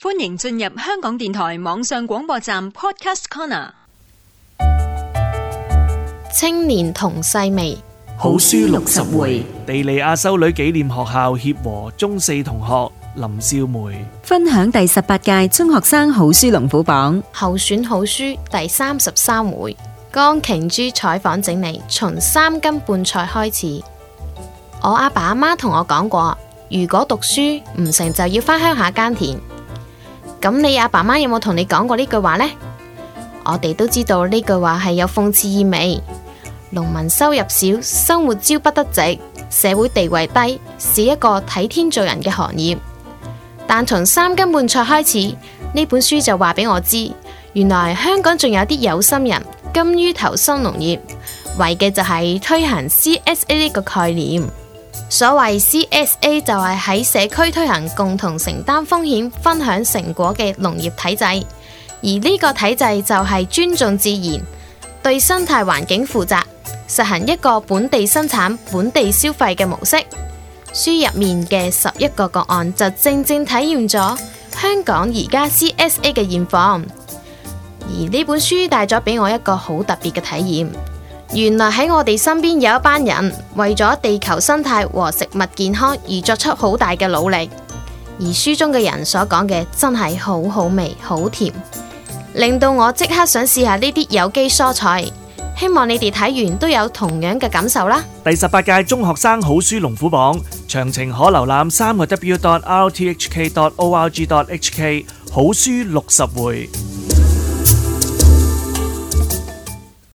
歡迎進入香港電台網上廣播站 Podcast Corner。青年同細味好書六十回，回，地利亞修女紀念學校協和中四同學林少梅分享第十八屆中學生好書龍虎榜候選好書第三十三回江瓊珠採訪整理，從三斤半菜開始。我阿爸阿媽同我講過，如果讀書唔成就要返鄉下耕田。咁你阿爸媽有冇同你講過呢句話呢？我哋都知道呢句話係有諷刺意味，農民收入少，生活朝不得夕，社會地位低，是一個睇天做人嘅行業。但從三斤半菜開始，呢本書就話俾我知，原來香港仲有啲有心人甘於投身農業，為嘅就係推行 CSA 呢個概念。所謂 CSA 就係喺社區推行共同承擔風險、分享成果嘅農業體制，而呢個體制就係尊重自然、對生態環境負責、實行一個本地生產、本地消費嘅模式。書入面嘅十一個個案就正正體驗咗香港而家 CSA 嘅現況，而呢本書帶咗俾我一個好特別嘅體驗。原來喺我哋身邊有一班人為咗地球生態和食物健康而作出好大嘅努力，而書中嘅人所講嘅真係好好味、好甜，令到我即刻想試下呢啲有機蔬菜。希望你哋睇完都有同樣嘅感受啦！第十八屆中學生好書龍虎榜，詳情可瀏覽三個 w dot rthk dot org dot hk 好書六十回。